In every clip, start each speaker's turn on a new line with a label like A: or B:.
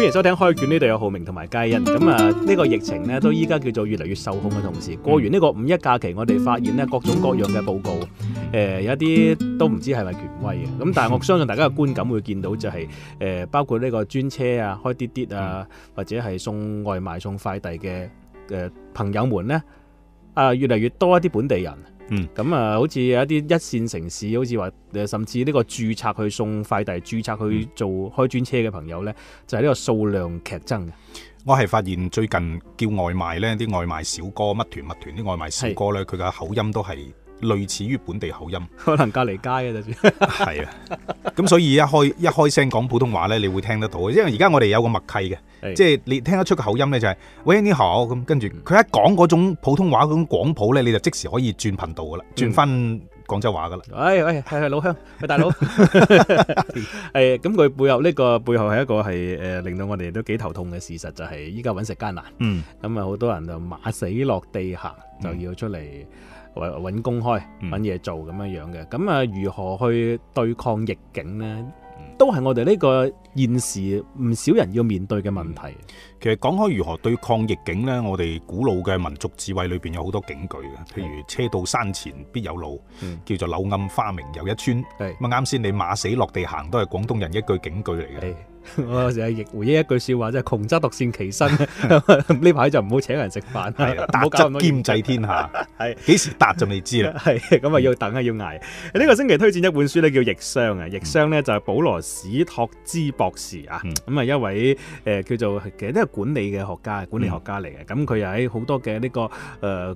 A: 歡迎收聽開卷，呢度有浩明同埋佳欣，咁啊呢個疫情呢，都依家叫做越嚟越受控嘅同時，過完呢個五一假期，我哋發現呢各種各樣嘅報告，誒、呃、有啲都唔知係咪權威嘅，咁但係我相信大家嘅觀感會見到就係、是、誒、呃、包括呢個專車啊、開滴滴啊或者係送外賣、送快遞嘅嘅、呃、朋友們呢啊、呃、越嚟越多一啲本地人。嗯，咁啊，好似有一啲一線城市，好似話，甚至呢個註冊去送快遞、註冊去做開專車嘅朋友呢，嗯、就係呢個數量劇增。
B: 我係發現最近叫外賣呢啲外賣小哥，乜團乜團啲外賣小哥呢，佢嘅是口音都係，類似於本地口音，可能隔離街嘅就算。係啊，咁、就係 啊、所以一開一開聲講普通話咧，你會聽得到因為而家我哋有個默契嘅，是即係你聽得出個口音咧、就係，就係是喂，你好咁，跟住佢一講嗰種普通話嗰種廣普咧，你就即時
A: 可以轉頻道㗎喇，嗯、轉返廣州話㗎喇。喂、哎，喂、哎，係、哎、係老鄉，係、哎、大佬，係咁佢背後呢個背後係一個係誒令到我哋都幾頭痛嘅事實，就係依家揾食艱難。嗯，咁啊好多人就馬死落地行，就要出嚟、嗯。搵工開揾嘢做咁、嗯、樣樣嘅，咁啊，如何去對抗逆境咧？都係我哋呢個現時唔少人要面對嘅問題。嗯、
B: 其實講開如何對抗逆境咧，我哋古老嘅民族智慧裏邊有好多警句嘅，譬如車到山前必有路，叫做柳暗花明又一村。咁啱先你馬死落地行都係廣東人一句警句嚟嘅。嗯嗯
A: 我成日亦回憶一句說話，就係窮則獨善其身。呢排 就唔好請人食飯，係啊，達則兼濟天下。係幾、 啊、時達就未知啦。係咁啊，啊要等啊，嗯、要挨。呢、這個星期推薦一本書咧，叫《逆商》啊，嗯《逆商》咧就係保羅史托茲博士啊。咁啊、嗯，一位誒叫做其實呢係管理嘅學家，嗯、管理學家嚟嘅。咁佢又喺好多嘅呢個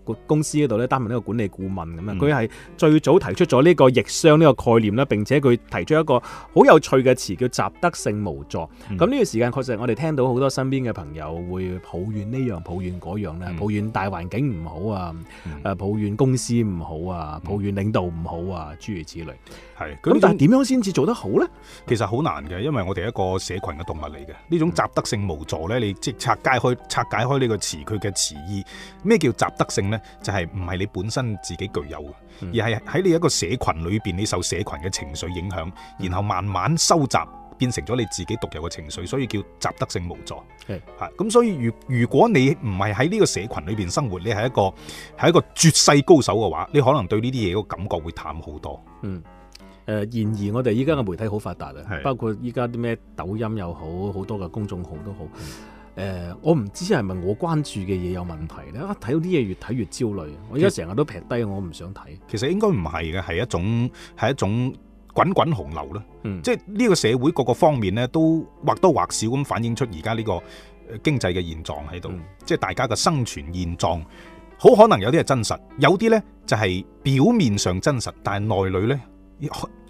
A: 誒公司嗰度咧，擔任呢個管理顧問咁樣。佢係、嗯、最早提出咗呢個逆商呢個概念啦，並且佢提出了一個好有趣嘅詞，叫習得性無助。咁呢、嗯、個時間確實，我哋聽到好多身邊嘅朋友會抱怨呢樣抱怨嗰樣咧，抱怨大環境唔好啊，誒、嗯、抱怨公司唔好啊，嗯、抱怨領導唔好啊，嗯、諸如此類。係咁，但係點樣先至做得
B: 好呢？其實好難嘅，因為我哋一個社群嘅動物嚟嘅。呢種習得性無助咧，嗯、你即拆解開拆解開呢個詞，佢嘅詞意咩叫習得性呢？就係唔係你本身自己具有嘅，嗯、而係喺你一個社群裏邊，你受社群嘅情緒影響，然後慢慢收集。嗯變成咗你自己獨有嘅情緒，所以叫習得性無助。係嚇咁，所以如如果你唔係喺呢個社群裏邊生活，你係一個係一個絕世高
A: 手嘅話，你可能對呢啲嘢個感覺會淡好多。嗯誒、呃，然而我哋依家嘅媒體好發達啊，是包括依家啲咩抖音又好，好多嘅公眾號都好。誒、呃，我唔知係咪我關注嘅嘢有問題咧？睇、啊、到啲嘢越睇越焦慮，我依家成日都劈
B: 低，我唔想睇。其實應該唔係嘅，係一種係一種。滾滾紅流咧，即係呢個社會各個方面呢都或多或少咁反映出而家呢個經濟嘅現狀喺度，嗯、即係大家嘅生存現狀，好可能有啲係真實，有啲呢就係表面上真實，但係內裏呢，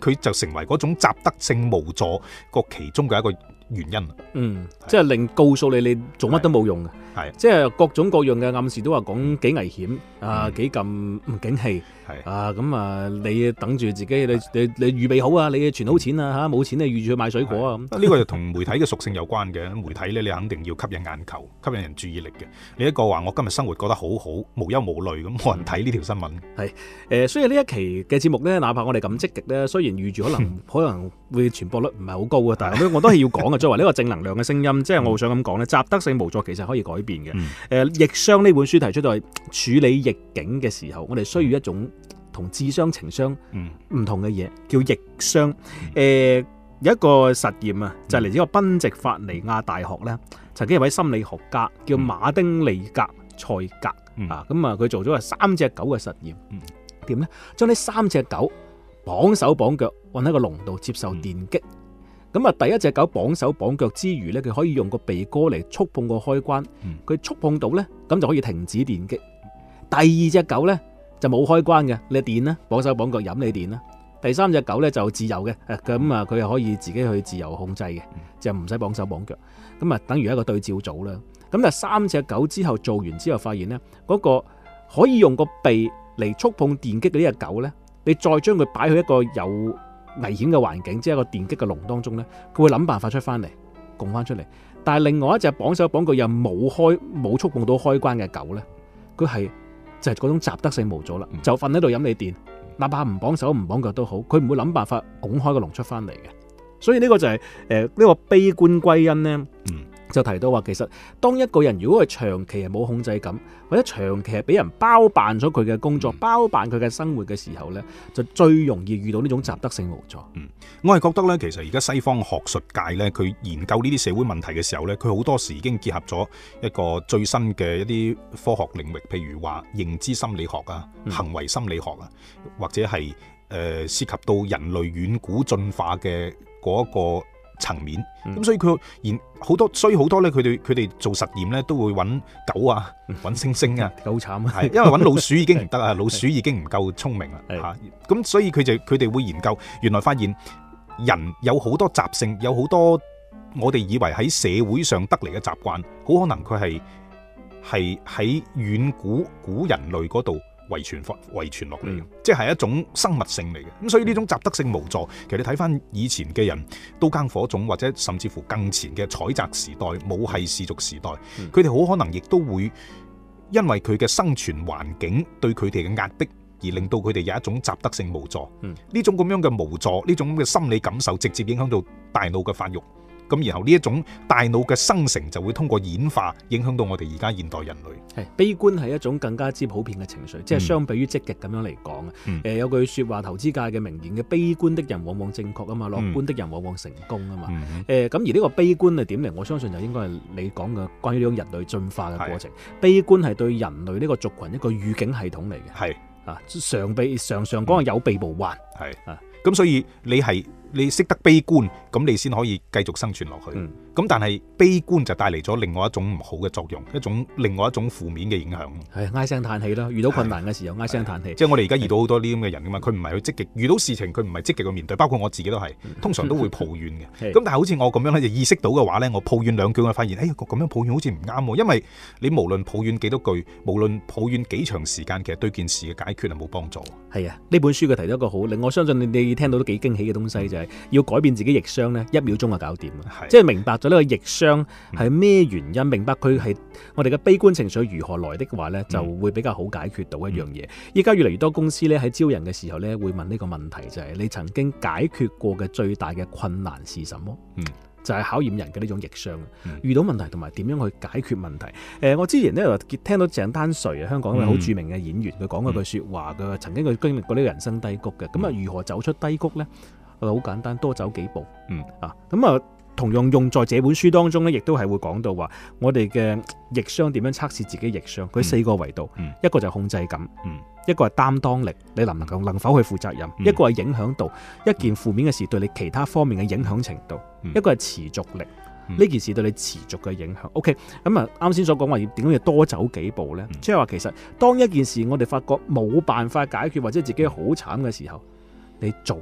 B: 佢就成為嗰種習得
A: 性無助個其中嘅一個。原因嗯，即係令告訴你，你做乜都冇用嘅，係，即係各種各樣嘅暗示都話，講幾危險，啊，幾咁唔景氣，係，啊，咁啊，你等住自己，你你你預備好啊，你存好錢啊，嚇，冇錢你預住去買水果啊，咁，呢個就同媒體嘅屬性有關嘅，媒體咧你肯定要吸引眼
B: 球，吸引人注意力嘅，你一個話我今日生活過得好好，無憂無慮咁，冇人睇呢條新聞，
A: 係，誒，所以呢一期嘅節目咧，哪怕我哋咁積極咧，雖然預住可能可能會傳播率唔係好高啊，但係我都係要講。作為呢個正能量嘅聲音，即、就、係、是、我想咁講咧，習得性無助其實可以改變嘅。誒，逆商呢本書提出到係處理逆境嘅時候，我哋需要一種同智商、情商唔同嘅嘢，嗯、叫逆商。誒、呃、有一個實驗啊，嗯、就嚟自一個賓夕法尼亞大學咧，曾經有位心理學家叫馬丁利格賽格、嗯、啊，咁啊佢做咗三隻狗嘅實驗，點咧、嗯？將呢三隻狗綁手綁腳，運喺個籠度接受電擊。嗯咁啊，第一隻狗綁手綁腳之餘咧，佢可以用個鼻哥嚟觸碰個開關，佢觸碰到呢，咁就可以停止電擊。第二隻狗呢，就冇開關嘅，你電啦，綁手綁腳飲你電啦。第三隻狗呢，就自由嘅，咁啊佢又可以自己去自由控制嘅，嗯、就唔使綁手綁腳。咁啊，等於一個對照組啦。咁但三隻狗之後做完之後，發現呢嗰、嗰個可以用個鼻嚟觸碰電擊嘅呢隻狗呢，你再將佢擺去一個有危險嘅環境，即係一個電擊嘅籠當中咧，佢會諗辦法出翻嚟，拱翻出嚟。但係另外一隻綁手綁腳又冇開冇觸碰到開關嘅狗咧，佢係就係、是、嗰種習得性無助啦，就瞓喺度飲你電，哪怕唔綁手唔綁腳都好，佢唔會諗辦法拱開個籠出翻嚟嘅。所以呢個就係誒呢個悲觀歸因咧。嗯就提到話，其實當一個人如果係長期係冇控制感，或者長期係俾人包辦咗佢嘅工作、嗯、包辦佢嘅生活嘅時候呢，就最容易遇到呢種習得性無助。嗯，我係覺得
B: 呢，其實而家西方學術界呢，佢研究呢啲社會問題嘅時候呢，佢好多時已經結合咗一個最新嘅一啲科學領域，譬如話認知心理學啊、嗯、行為心理學啊，或者係誒、呃、涉及到人類遠古進化嘅嗰、那個。層面咁，所以佢研好多，所以好多咧，佢哋佢哋做實驗咧，都會揾狗啊，揾猩猩啊，好慘啊、係，因為揾老鼠已經唔得啦， 是的 老鼠已經唔夠聰明啦吓，咁是的、啊、所以佢就佢哋會研究，原來發現人有好多習性，有好多我哋以為喺社會上得嚟嘅習慣，好可能佢係係喺遠古古人類嗰度。遺傳，遺傳落嚟嘅，即係一種生物性嚟嘅。咁所以呢種習得性無助，其實你睇翻以前嘅人刀耕火種，或者甚至乎更前嘅採摘時代、母系氏族時代，佢哋好可能亦都會因為佢嘅生存環境對佢哋嘅壓迫，而令到佢哋有一種習得性無助。呢、嗯、種咁樣嘅無助，呢種咁嘅心理感受，直接影響到大腦嘅發育。咁然後呢一種大腦嘅生成就會通過演化影響到我哋而家現代人類。
A: 係，悲觀係一種更加之普遍嘅情緒，嗯、即係相比於積極咁樣嚟講啊。誒、嗯呃，有句說話，投資界嘅名言嘅，悲觀的人往往正確啊嘛，樂觀的人往往成功啊嘛。誒、嗯、咁、呃、而呢個悲觀係點嚟？我相信就應該係你講嘅關於呢種人類進化嘅過程，是悲觀係對人類呢個族群一個預警系統嚟嘅。係是啊，常被常常講啊，有備無患。係、嗯、啊，咁所以你係。你識得悲
B: 觀，咁你先可以繼續生存落去。咁但係悲觀就帶嚟咗另外一種唔好嘅作用，一種另外一種負面嘅影響。係唉聲嘆氣啦，遇到困難嘅時候唉聲的嘆氣。即係我哋而家遇到好多呢啲咁嘅人㗎嘛，佢唔係去積極，遇到事情佢唔係積極去面對。包括我自己都係，通常都會抱怨嘅。咁的但係好似我咁樣咧，就意識到嘅話咧，我抱怨兩句，我發現，哎呀，咁樣抱怨好似唔啱喎。因為你無論抱怨幾多句，無論抱怨幾長時間，其實對件事嘅解決係冇幫助。
A: 係啊，呢本書佢提到一個好，令我相信你你聽到都幾驚喜嘅東西就係、是、要改變自己逆商呢。一秒鐘就搞掂。即係的明白。所以呢個逆商係咩原因？明白佢係我哋嘅悲觀情緒如何來的話呢，就會比較好解決到一樣嘢。依家越嚟越多公司咧，喺招人嘅時候咧，會問呢個問題就係你曾經解決過嘅最大嘅困難係什麼？嗯，就係考驗人嘅呢種逆商。遇到問題同埋點樣去解決問題？誒，我之前呢，聽到鄭丹瑞啊，香港一位好著名嘅演員，佢講過句説話嘅，曾經佢經歷過呢個人生低谷嘅。咁啊，如何走出低谷呢？我好簡單，多走幾步。嗯啊，咁啊。同樣用在這本書當中咧，亦都係會講到話，我哋嘅逆商點樣測試自己逆商？佢四個維度，嗯、一個就係控制感，嗯、一個係擔當力，你能唔能夠能否去負責任？嗯、一個係影響度，嗯、一件負面嘅事對你其他方面嘅影響程度；嗯、一個係持續力，呢、嗯、件事對你持續嘅影響。OK，咁啊，啱先所講話要點樣要多走幾步呢？嗯、即係話其實當一件事我哋發覺冇辦法解決或者自己好慘嘅時候，你做，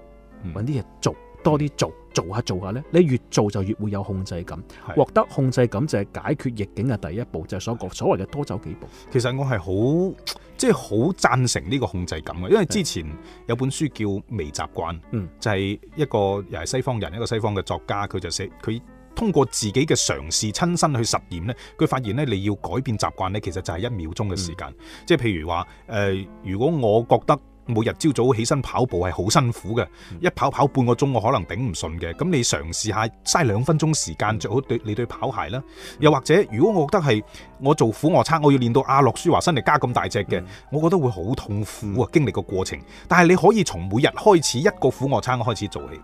A: 揾啲嘢做，多啲做。做下做下咧，你越做就越會有控制感，獲是得控制感就係解決逆境嘅第一步，就係所講所謂嘅多走幾步。其實我係好即係好贊成呢個控
B: 制感嘅，因為之前有本書叫《微習慣》，嗯是，就係一個又係西方人一個西方嘅作家，佢就寫，佢通過自己嘅嘗試親身去實驗咧，佢發現咧你要改變習慣咧，其實就係一秒鐘嘅時間，是即係譬如話，呃，如果我覺得。每日朝早起身跑步係好辛苦嘅，一跑跑半個鐘我可能頂唔順嘅。咁你嘗試下，嘥兩分鐘時間着好對你對跑鞋啦。又或者如果我覺得係我做俯臥撐，我要練到阿諾舒華辛力加咁大隻嘅，我覺得會好痛苦啊！經歷個過程，但係你可以從每日開始一個俯臥撐開始做起。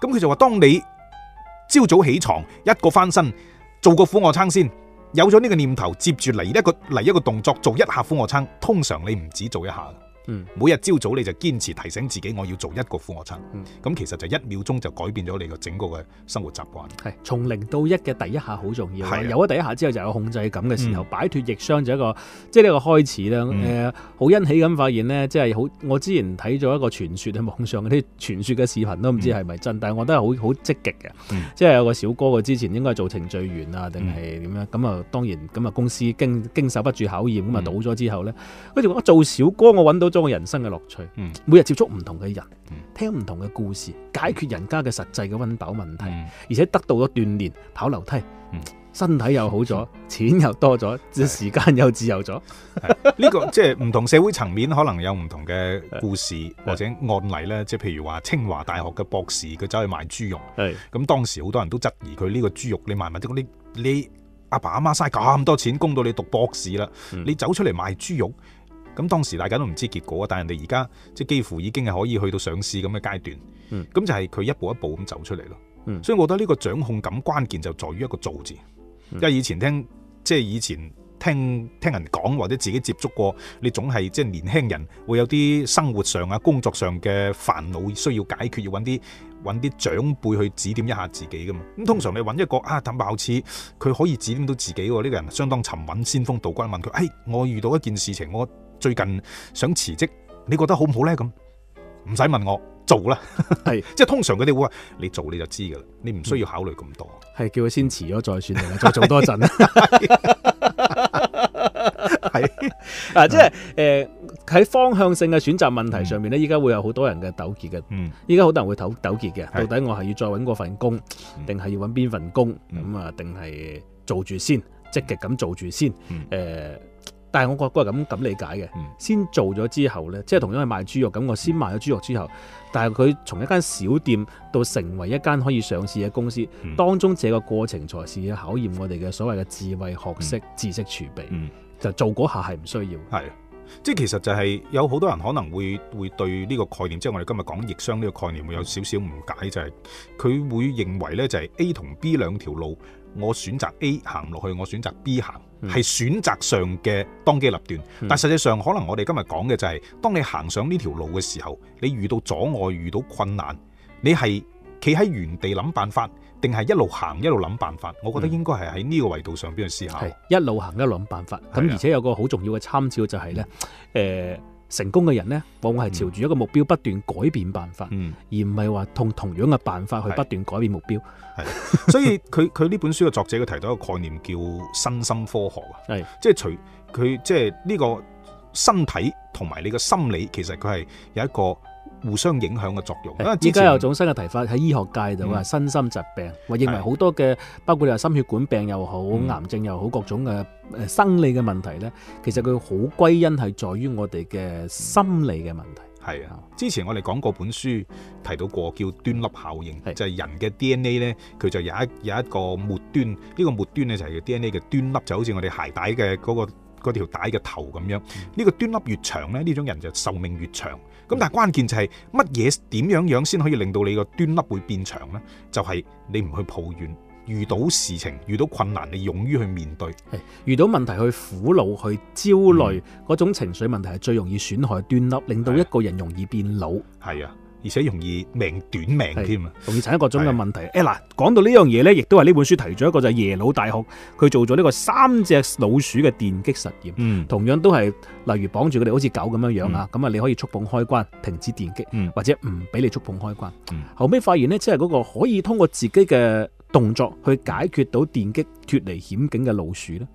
B: 咁佢就話：當你朝早起床，一個翻身，做個俯臥撐先，有咗呢個念頭，接住嚟一個嚟一個動作做一下俯臥撐。通常你唔止做一下。嗯、每日朝早你就堅持提醒自己，我要做一個俯卧撐。咁、嗯、其實就一秒鐘就改變咗你個
A: 整個嘅生活習慣。係從零到一嘅第一下好重要、啊，的有咗第一下之後就有控制感嘅時候，擺脫逆商就一個，嗯、即係呢個開始啦。誒、嗯，好、呃、欣喜咁發現呢，即係好。我之前睇咗一個傳說喺網上嗰啲傳說嘅視頻都唔知係咪真的，嗯、但係我覺得係好好積極嘅。嗯、即係有個小哥，佢之前應該做程序員啊，定係點樣？咁啊、嗯，當然咁啊，公司經經受不住考驗，咁啊倒咗之後呢，佢就話做小哥，我揾到。裝人生嘅樂趣，每日接觸唔同嘅人，嗯、聽唔同嘅故事，解決人家嘅實際嘅温飽問題，嗯、而且得到咗鍛煉，跑樓梯，嗯、身體又好咗，嗯、錢又多咗，的時間又自由咗。呢、這個即係唔同社會層面可能有唔同
B: 嘅故事的的或者案例呢，即係譬如話清華大學嘅博士，佢走去賣豬肉，咁的當時好多人都質疑佢呢個豬肉你賣唔得，你你阿爸阿媽嘥咁多錢供到你讀博士啦，嗯、你走出嚟賣豬肉。咁當時大家都唔知結果，但係人哋而家即係幾乎已經係可以去到上市咁嘅階段。嗯，咁就係佢一步一步咁走出嚟咯。嗯，所以我覺得呢個掌控感關鍵就在於一個做字，因為以前聽即係以前聽聽，聽人講或者自己接觸過，你總係即係年輕人會有啲生活上啊、工作上嘅煩惱需要解決，要揾啲揾啲長輩去指點一下自己噶嘛。咁通常你揾一個啊，陳茂慈，佢可以指點到自己喎。呢、這個人相當沉穩，先鋒導軍問佢，誒、哎，我遇到一件事情，我最近想辭職，你覺得好唔好咧？咁唔使問我做啦，係即係通常佢哋會話你做你就
A: 知噶啦，你唔需要考慮咁多。係叫佢先辭咗再算，再做多一陣啊。係啊，即係誒喺方向性嘅選擇問題上面咧，依家會有好多人嘅糾結嘅。嗯，依家好多人會糾糾結嘅，到底我係要再搵過份工，定係要搵邊份工咁啊？定係做住先，積極咁做住先？誒。但係我覺都係咁咁理解嘅，先做咗之後呢，即係同樣係賣豬肉咁，我先賣咗豬肉之後，但係佢從一間小店到成為一間可以上市嘅公司，當中這個過程才是要考驗我哋嘅所謂嘅智慧學識、知識儲備。就做嗰下係唔需要的，係即係其實就係有好多人可能
B: 會會對呢個概念，即係我哋今日講逆商呢個概念會有少少誤解，就係、是、佢會認為呢就係 A 同 B 兩條路。我選擇 A 行落去，我選擇 B 行，係選擇上嘅當機立斷。但實際上可能我哋今日講嘅就係、是，當你行上呢條路嘅時候，你遇到阻礙、遇到困難，你係企喺原地諗辦法，定係一路行一路諗辦法？我覺得應該係喺呢個維度上邊去思考，一路
A: 行一路諗辦法。咁而且有個好重要嘅參照就係、是、呢。是的呃成功嘅人呢，往往係朝住一個目標不斷改變辦法，嗯、而唔係話同同樣嘅辦法去不斷改變目標。所以佢佢呢本書嘅作者佢提到一個概念叫身心科
B: 學啊，係即係除佢即係呢個身體同埋你嘅心理，其實佢係有一個。互相影響嘅作用，因為依家有一種
A: 新嘅提法喺醫學界度啊，嗯、身心疾病我認為好多嘅，嗯、包括你話心血管病又好、嗯、癌症又好，各種嘅誒生理嘅問題咧，其實佢好歸因係在於我哋嘅心理嘅問題。係啊、
B: 嗯嗯，之前我哋講過本書提到過，叫端粒效應，是就係人嘅 DNA 咧，佢就有一有一個末端，呢、這個末端咧就係 DNA 嘅端粒，就好似我哋鞋帶嘅嗰個嗰條帶嘅頭咁樣。呢、嗯、個端粒越長咧，呢種人就壽命越長。咁但係關鍵就係乜嘢點樣樣先可以令到你個端粒會變長呢？
A: 就係、是、你唔去抱怨，遇到事情、遇到困難，你勇於去面對；遇到問題去苦惱、去焦慮嗰、嗯、種情緒問題係最容易損害端粒，令到一個人容易變老係啊！而且容易命短命添啊，容易產生各種嘅問題。誒嗱，講、欸、到呢樣嘢咧，亦都係呢本書提咗一個就係、是、耶魯大學佢做咗呢個三隻老鼠嘅電擊實驗，嗯、同樣都係例如綁住佢哋好似狗咁樣、嗯、樣啊，咁啊你可以觸碰開關停止電擊，嗯、或者唔俾你觸碰開關。嗯、後尾發現呢，即係嗰個可以通過自己嘅動作去解決到電擊脱離險境嘅老鼠咧，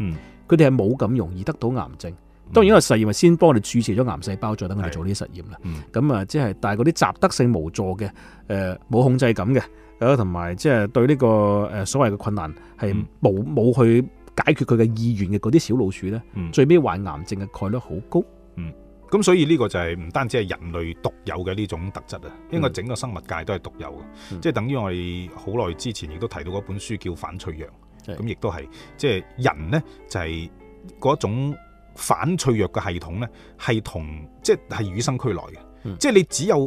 A: 佢哋係冇咁容易得到癌症。嗯、當然，因為實驗係先幫我哋儲存咗癌細胞，再等佢嚟做呢啲實驗啦。咁啊，即、嗯、係但係嗰啲習得性無助嘅，誒、呃、冇控制感嘅，同埋即係對呢個誒所謂嘅困難係冇冇去解決佢嘅意願嘅嗰啲小老鼠咧，嗯、最尾患癌症嘅概率好高。嗯，
B: 咁所以呢個就係唔單止係人類獨有嘅呢種特質啊，應該整個生物界都係獨有嘅，即係、嗯、等於我哋好耐之前亦都提到嗰本書叫《反脆弱》，咁亦是都係即係人咧就係、是、嗰種。反脆弱嘅系統呢，係同即係與生俱來嘅，嗯、即係你只有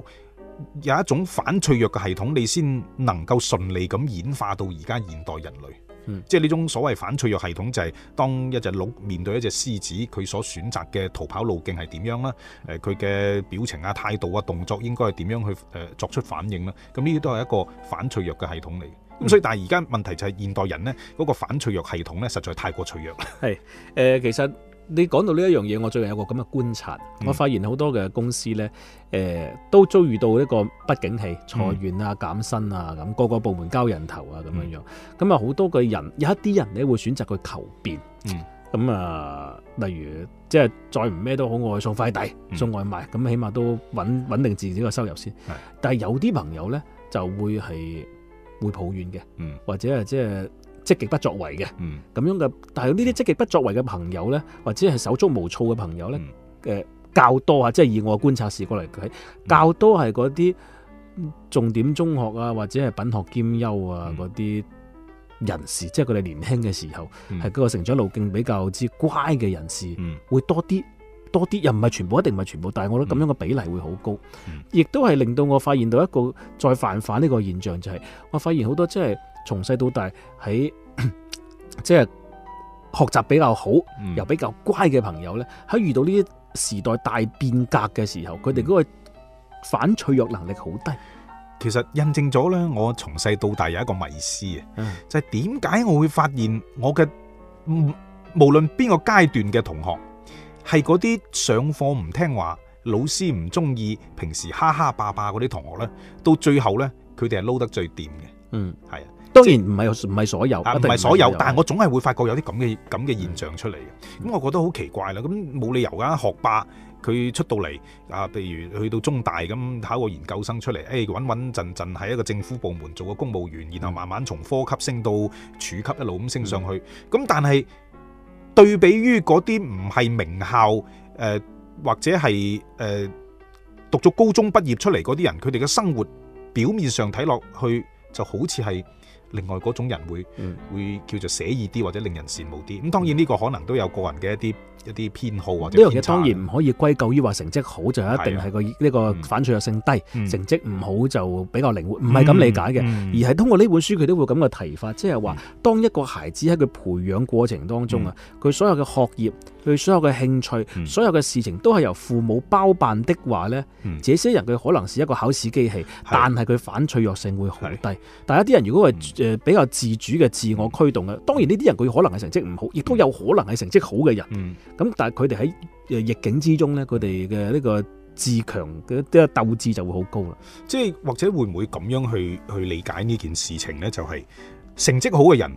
B: 有一種反脆弱嘅系統，你先能夠順利咁演化到而家現代人類。嗯、即係呢種所謂反脆弱系統就係當一隻鹿面對一隻獅子，佢所選擇嘅逃跑路徑係點樣啦？誒、呃，佢嘅表情啊、態度啊、動作應該係點樣去誒、呃、作出反應啦？咁呢啲都係一個反脆弱嘅系統嚟。咁、嗯、所以，但係而家問題就係現代人呢，嗰、嗰個反脆弱系統呢，實在太過脆弱。係、
A: 呃、誒，其實。你講到呢一樣嘢，我最近有個咁嘅觀察，我發現好多嘅公司呢，誒、嗯呃，都遭遇到一個不景氣、裁員啊、減薪啊，咁各個部門交人頭啊，咁樣樣，咁啊好多嘅人，有一啲人呢，會選擇去求變，咁啊、嗯，例如即係再唔咩都好，我去送快遞、送外賣，咁、嗯、起碼都穩穩定自己個收入先，是但係有啲朋友呢，就會係會抱怨嘅，嗯、或者係即係。積極不作為嘅咁樣嘅，但係呢啲積極不作為嘅朋友呢，或者係手足無措嘅朋友呢，誒、嗯呃、較多啊！即係以我觀察時過嚟睇，較多係嗰啲重點中學啊，或者係品學兼優啊嗰啲、嗯、人士，即係佢哋年輕嘅時候係、嗯、個成長路徑比較之乖嘅人士，嗯、會多啲多啲，又唔係全部，一定唔係全部，但係我覺得咁樣嘅比例會好高，亦都係令到我發現到一個再犯法呢個現象、就是，就係我發現好多即、就、係、是。從細到大喺即係學習比較好又比較乖嘅朋友呢喺、嗯、遇到呢啲時代大變革嘅時候，佢哋嗰個反脆弱能力好低。其實印證咗呢，我從細到大
B: 有一個迷思啊，嗯、就係點解我會發現我嘅無論邊個階段嘅同學，係嗰啲上課唔聽話、老師唔中意、平時哈哈霸霸嗰啲同學呢，到最後呢，佢哋係撈得最掂嘅。嗯，係啊。當然唔係唔係所有，唔係所有，但係我總係會發覺有啲咁嘅咁嘅現象出嚟嘅，咁、嗯、我覺得好奇怪啦。咁冇理由㗎，學霸佢出到嚟啊，譬如去到中大咁考個研究生出嚟，誒穩穩陣陣喺一個政府部門做個公務員，然後慢慢從科級升到處級，一路咁升上去。咁、嗯、但係對比於嗰啲唔係名校誒、呃、或者係誒、呃、讀咗高中畢業出嚟嗰啲人，佢哋嘅生活表面上睇落去就好似係。另外嗰種人會會叫做寫意啲，或者令人羨慕啲，咁當然呢個可能都有個人嘅一啲一啲偏好，或者呢樣嘢當然
A: 唔可以歸咎於話成績好就一定係個呢個反脆弱性低，嗯、成績唔好就比較靈活，唔係咁理解嘅，嗯嗯、而係通過呢本書佢都會咁嘅提法，即係話當一個孩子喺佢培養過程當中啊，佢、嗯、所有嘅學業。佢所有嘅興趣，嗯、所有嘅事情都係由父母包辦的話呢，嗯、這些人佢可能是一個考試機器，是但係佢反脆弱性會好低。是但係一啲人如果係誒比較自主嘅自我驅動嘅，嗯、當然呢啲人佢可能係成績唔好，亦、嗯、都有可能係成績好嘅人。咁、嗯、但係佢哋喺逆境之中呢，佢哋嘅呢個自強嘅啲鬥志就會好高啦。即係或者會唔會咁樣去去理解呢件事
B: 情呢？就係、是、成績好嘅人。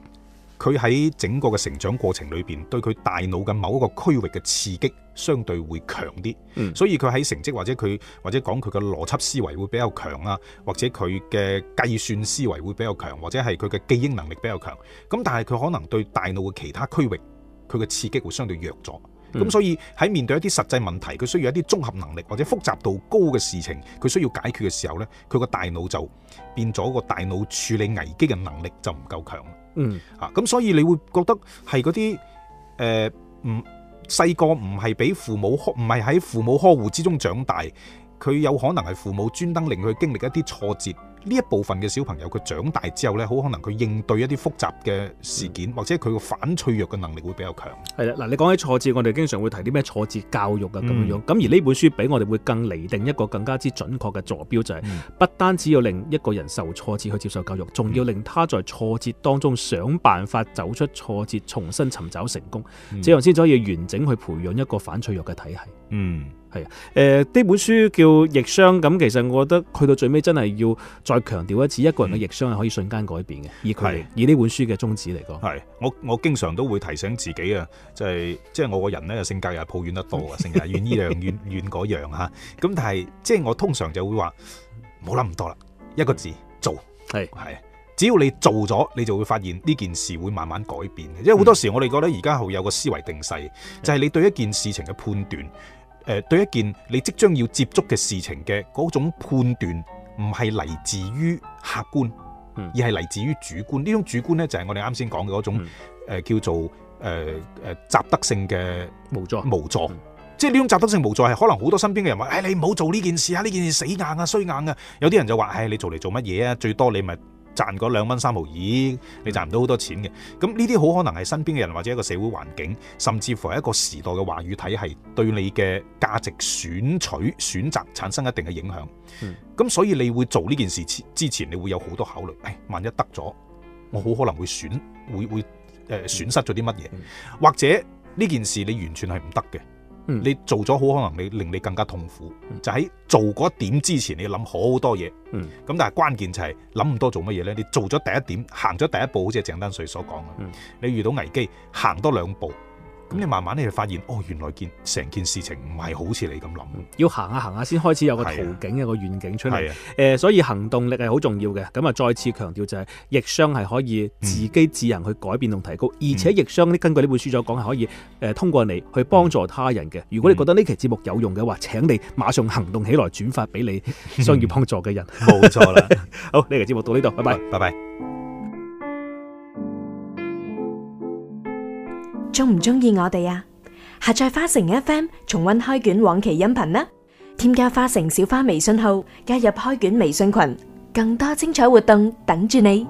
B: 佢喺整個嘅成長過程裏邊，對佢大腦嘅某一個區域嘅刺激相對會強啲，所以佢喺成績或者佢或者講佢嘅邏輯思維會比較強啊，或者佢嘅計算思維會比較強，或者係佢嘅記憶能力比較強。咁但係佢可能對大腦嘅其他區域，佢嘅刺激會相對弱咗。咁所以喺面對一啲實際問題，佢需要一啲綜合能力或者複雜度高嘅事情，佢需要解決嘅時候呢，佢個大腦就變咗，個大腦處理危機嘅能力就唔夠強。嗯，啊，咁所以你會覺得係嗰啲，誒、呃，唔細個唔係俾父母呵，唔係喺父母呵護之中長大，佢有可能係父母專登令佢經歷一啲挫折。呢一部分嘅小朋友，佢長大之後呢，好可能佢應對一啲複雜嘅事件，嗯、或者佢嘅反脆弱嘅能力會比較強。係啦，
A: 嗱，你講起挫折，我哋經常會提啲咩挫折教育啊咁、嗯、樣。咁而呢本書俾我哋會更釐定一個更加之準確嘅坐標，就係、是：不單止要令一個人受挫折去接受教育，仲要令他在挫折當中想辦法走出挫折，重新尋找成功，嗯、這樣先可以完整去培養一個反脆弱嘅體系。嗯。係啊，誒，呢本書叫《逆商》，咁其實我覺得去到最尾真係要再強調一次，一個人嘅逆商係可以瞬間改變嘅。以佢，的以呢本書嘅宗旨嚟講，係
B: 我我經常都會提醒自己啊，即係即係我個人咧性格又抱怨得多啊，成日怨呢樣怨怨嗰樣嚇。咁但係即係我通常就會話冇諗咁多啦，一個字，做係係的，只要你做咗，你就會發現呢件事會慢慢改變嘅。因為好多時我哋覺得而家好有個思維定勢，就係、是、你對一件事情嘅判斷。誒、呃、對一件你即將要接觸嘅事情嘅嗰種判斷，唔係嚟自於客觀，而係嚟自於主觀。呢種主觀咧就係我哋啱先講嘅嗰種、嗯呃、叫做誒誒習得性嘅無助無助。無助嗯、即係呢種習得性無助係可能好多身邊嘅人話，誒、哎、你唔好做呢件事啊，呢件事死硬啊，衰硬啊。有啲人就話，誒、哎、你做嚟做乜嘢啊？最多你咪。賺嗰兩蚊三毛二，你賺唔到好多錢嘅。咁呢啲好可能係身邊嘅人或者一個社會環境，甚至乎係一個時代嘅話語體系，對你嘅價值選取、選擇產生一定嘅影響。咁所以你會做呢件事之前，你會有好多考慮。誒、哎，萬一得咗，我好可能會損，會會誒、呃、損失咗啲乜嘢？或者呢件事你完全係唔得嘅。你做咗好可能你令你更加痛苦，嗯、就喺做嗰點之前你，你要諗好多嘢。咁但係關鍵就係諗唔多做乜嘢咧？你做咗第一點，行咗第一步，好似鄭丹瑞所講，嘅、嗯，你遇到危機行多兩步。
A: 咁你慢慢你就發現哦，原來件成件事情唔係好似你咁諗，要行下行下先開始有個途徑，的有個願景出嚟。誒的、呃，所以行動力係好重要嘅。咁啊，再次強調就係、是、逆商係可以自己自行去改變同提高，嗯、而且逆商根據呢本書所講係可以誒、呃，通過你去幫助他人嘅。如果你覺得呢期節目有用嘅話，請你馬上行動起來，轉發俾你商業幫助嘅人。冇錯啦，錯 好，呢期節目到呢度，拜拜，拜拜。拜拜。
B: 中唔中意我哋啊？下載花城 FM，重溫開卷往期音頻啦！添加花城小花微信號，加入開卷微信群，更多精彩活動等住你。